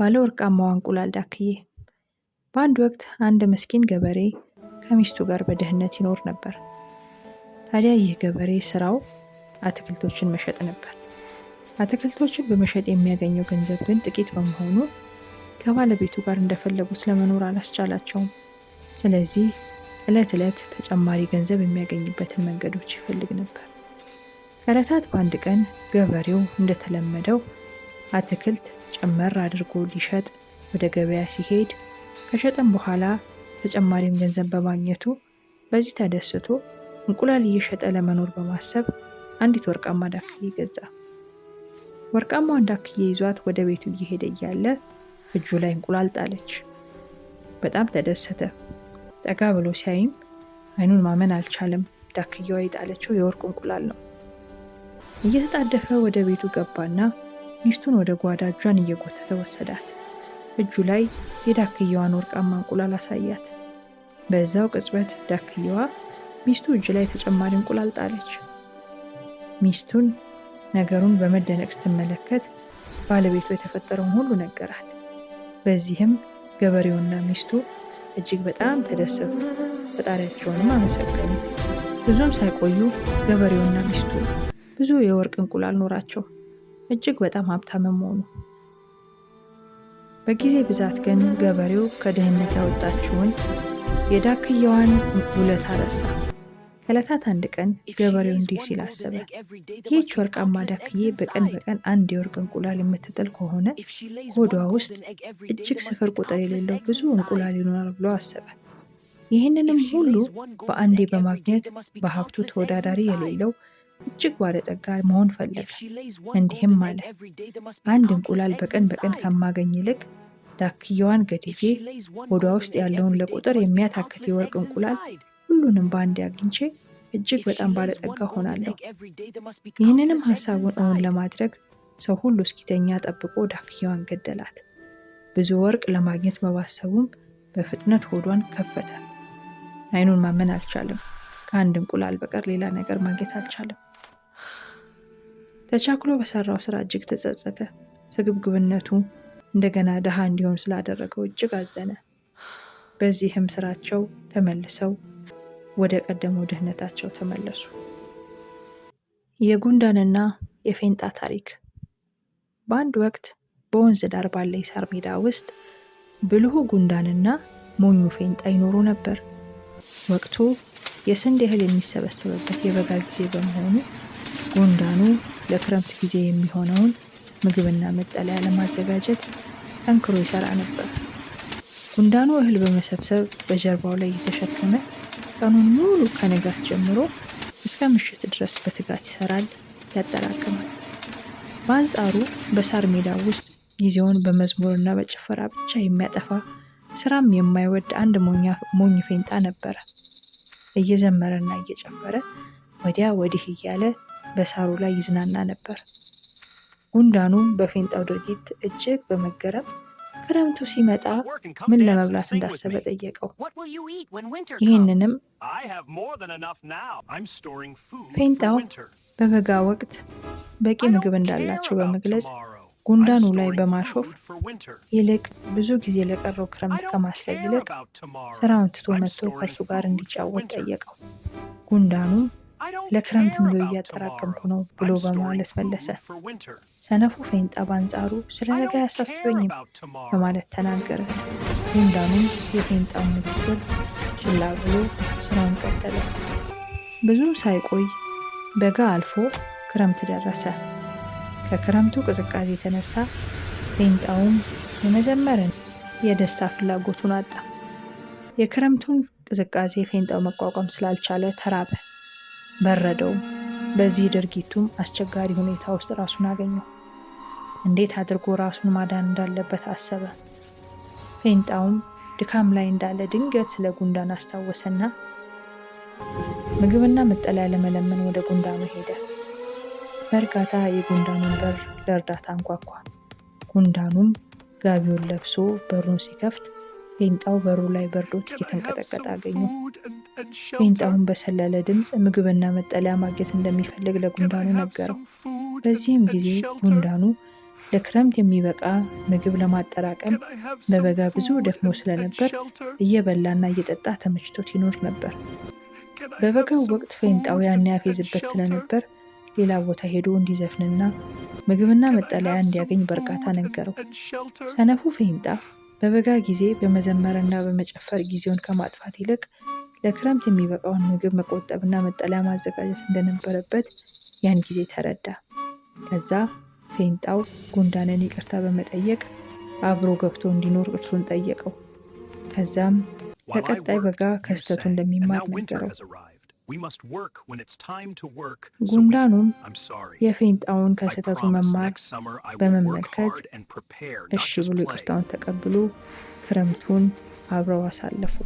ባለ ወርቃማዋ እንቁላል ዳክዬ። በአንድ ወቅት አንድ ምስኪን ገበሬ ከሚስቱ ጋር በድህነት ይኖር ነበር። ታዲያ ይህ ገበሬ ስራው አትክልቶችን መሸጥ ነበር። አትክልቶችን በመሸጥ የሚያገኘው ገንዘብ ግን ጥቂት በመሆኑ ከባለቤቱ ጋር እንደፈለጉት ለመኖር አላስቻላቸውም። ስለዚህ ዕለት ዕለት ተጨማሪ ገንዘብ የሚያገኝበትን መንገዶች ይፈልግ ነበር። ከዕለታት በአንድ ቀን ገበሬው እንደተለመደው አትክልት ጨመር አድርጎ ሊሸጥ ወደ ገበያ ሲሄድ ከሸጠም በኋላ ተጨማሪም ገንዘብ በማግኘቱ በዚህ ተደስቶ እንቁላል እየሸጠ ለመኖር በማሰብ አንዲት ወርቃማ ዳክዬ ገዛ። ወርቃማዋን ዳክዬ ይዟት ወደ ቤቱ እየሄደ እያለ እጁ ላይ እንቁላል ጣለች። በጣም ተደሰተ። ጠጋ ብሎ ሲያይም አይኑን ማመን አልቻለም። ዳክየዋ የጣለችው የወርቅ እንቁላል ነው። እየተጣደፈ ወደ ቤቱ ገባና ሚስቱን ወደ ጓዳ እጇን እየጎተተ ወሰዳት። እጁ ላይ የዳክየዋን ወርቃማ እንቁላል አሳያት። በዛው ቅጽበት ዳክየዋ ሚስቱ እጅ ላይ ተጨማሪ እንቁላል ጣለች። ሚስቱን ነገሩን በመደነቅ ስትመለከት ባለቤቱ የተፈጠረውን ሁሉ ነገራት። በዚህም ገበሬውና ሚስቱ እጅግ በጣም ተደሰቱ፣ ፈጣሪያቸውንም አመሰገኑ። ብዙም ሳይቆዩ ገበሬውና ሚስቱ ብዙ የወርቅ እንቁላል ኖራቸው። እጅግ በጣም ሀብታም መሆኑ። በጊዜ ብዛት ግን ገበሬው ከድህነት ያወጣችውን የዳክየዋን ውለታ ረሳ። ከዕለታት አንድ ቀን ገበሬው እንዲህ ሲል አሰበ፣ ይህች ወርቃማ ዳክዬ በቀን በቀን አንድ የወርቅ እንቁላል የምትጥል ከሆነ ሆዷ ውስጥ እጅግ ስፍር ቁጥር የሌለው ብዙ እንቁላል ይኖራል ብሎ አሰበ። ይህንንም ሁሉ በአንዴ በማግኘት በሀብቱ ተወዳዳሪ የሌለው እጅግ ባለጠጋ መሆን ፈለገ። እንዲህም አለ፣ አንድ እንቁላል በቀን በቀን ከማገኝ ይልቅ ዳክየዋን ገድዬ ሆዷ ውስጥ ያለውን ለቁጥር የሚያታክት የወርቅ እንቁላል ሁሉንም በአንድ አግኝቼ እጅግ በጣም ባለጠጋ ሆናለሁ። ይህንንም ሀሳቡን እውን ለማድረግ ሰው ሁሉ እስኪተኛ ጠብቆ ዳክየዋን ገደላት። ብዙ ወርቅ ለማግኘት መባሰቡም በፍጥነት ሆዷን ከፈተ። አይኑን ማመን አልቻለም። ከአንድ እንቁላል በቀር ሌላ ነገር ማግኘት አልቻለም። ተቻክሎ በሰራው ስራ እጅግ ተጸጸተ። ስግብግብነቱ እንደገና ድሃ እንዲሆን ስላደረገው እጅግ አዘነ። በዚህም ስራቸው ተመልሰው ወደ ቀደመው ድህነታቸው ተመለሱ። የጉንዳንና የፌንጣ ታሪክ። በአንድ ወቅት በወንዝ ዳር ባለ የሳር ሜዳ ውስጥ ብልሁ ጉንዳንና ሞኙ ፌንጣ ይኖሩ ነበር። ወቅቱ የስንዴ እህል የሚሰበሰብበት የበጋ ጊዜ በመሆኑ ጉንዳኑ ለክረምት ጊዜ የሚሆነውን ምግብና መጠለያ ለማዘጋጀት ጠንክሮ ይሰራ ነበር። ጉንዳኑ እህል በመሰብሰብ በጀርባው ላይ እየተሸከመ ቀኑን ሙሉ ከንጋት ጀምሮ እስከ ምሽት ድረስ በትጋት ይሰራል፣ ያጠራቅማል። በአንጻሩ በሳር ሜዳ ውስጥ ጊዜውን በመዝሙርና በጭፈራ ብቻ የሚያጠፋ ስራም የማይወድ አንድ ሞኝ ፌንጣ ነበረ። እየዘመረና እየጨፈረ ወዲያ ወዲህ እያለ በሳሩ ላይ ይዝናና ነበር። ጉንዳኑም በፌንጣው ድርጊት እጅግ በመገረም ክረምቱ ሲመጣ ምን ለመብላት እንዳሰበ ጠየቀው። ይህንንም ፌንጣው በበጋ ወቅት በቂ ምግብ እንዳላቸው በመግለጽ ጉንዳኑ ላይ በማሾፍ ይልቅ ብዙ ጊዜ ለቀረው ክረምት ከማሰብ ይልቅ ስራውን ትቶ መጥቶ ከእርሱ ጋር እንዲጫወት ጠየቀው። ጉንዳኑ ለክረምት ምግብ እያጠራቀምኩ ነው ብሎ በማለት መለሰ። ሰነፉ ፌንጣ በአንጻሩ ስለ ነገ አያሳስበኝም በማለት ተናገረ። ሬንዳኑም የፌንጣው ንግግር ችላ ብሎ ስራውን ቀጠለ። ብዙ ሳይቆይ በጋ አልፎ ክረምት ደረሰ። ከክረምቱ ቅዝቃዜ የተነሳ ፌንጣውም የመዘመርን የደስታ ፍላጎቱን አጣ። የክረምቱን ቅዝቃዜ ፌንጣው መቋቋም ስላልቻለ ተራበ። በረደው። በዚህ ድርጊቱም አስቸጋሪ ሁኔታ ውስጥ ራሱን አገኘው። እንዴት አድርጎ ራሱን ማዳን እንዳለበት አሰበ። ፌንጣውም ድካም ላይ እንዳለ ድንገት ስለ ጉንዳን አስታወሰና ምግብና መጠለያ ለመለመን ወደ ጉንዳኑ ሄደ። በእርጋታ የጉንዳኑን በር ለእርዳታ አንኳኳ። ጉንዳኑም ጋቢውን ለብሶ በሩን ሲከፍት ፌንጣው በሩ ላይ በርዶት እየተንቀጠቀጠ አገኘው። ሊንጣውን በሰለለ ድምፅ ምግብና መጠለያ ማግኘት እንደሚፈልግ ለጉንዳኑ ነገረው። በዚህም ጊዜ ጉንዳኑ ለክረምት የሚበቃ ምግብ ለማጠራቀም በበጋ ብዙ ደክሞ ስለነበር እየበላና እየጠጣ ተመችቶት ይኖር ነበር። በበጋው ወቅት ፌንጣው ያን ያፌዝበት ስለነበር ሌላ ቦታ ሄዶ እንዲዘፍንና ምግብና መጠለያ እንዲያገኝ በእርጋታ ነገረው። ሰነፉ ፌንጣ በበጋ ጊዜ በመዘመርና በመጨፈር ጊዜውን ከማጥፋት ይልቅ ለክረምት የሚበቃውን ምግብ መቆጠብና መጠለያ ማዘጋጀት እንደነበረበት ያን ጊዜ ተረዳ። ከዛ ፌንጣው ጉንዳንን ይቅርታ በመጠየቅ አብሮ ገብቶ እንዲኖር እርሱን ጠየቀው። ከዛም ለቀጣይ በጋ ከስተቱ እንደሚማር ነገረው። ጉንዳኑም የፌንጣውን ከስተቱ መማር በመመልከት እሺ ብሎ ይቅርታውን ተቀብሎ ክረምቱን አብረው አሳለፉ።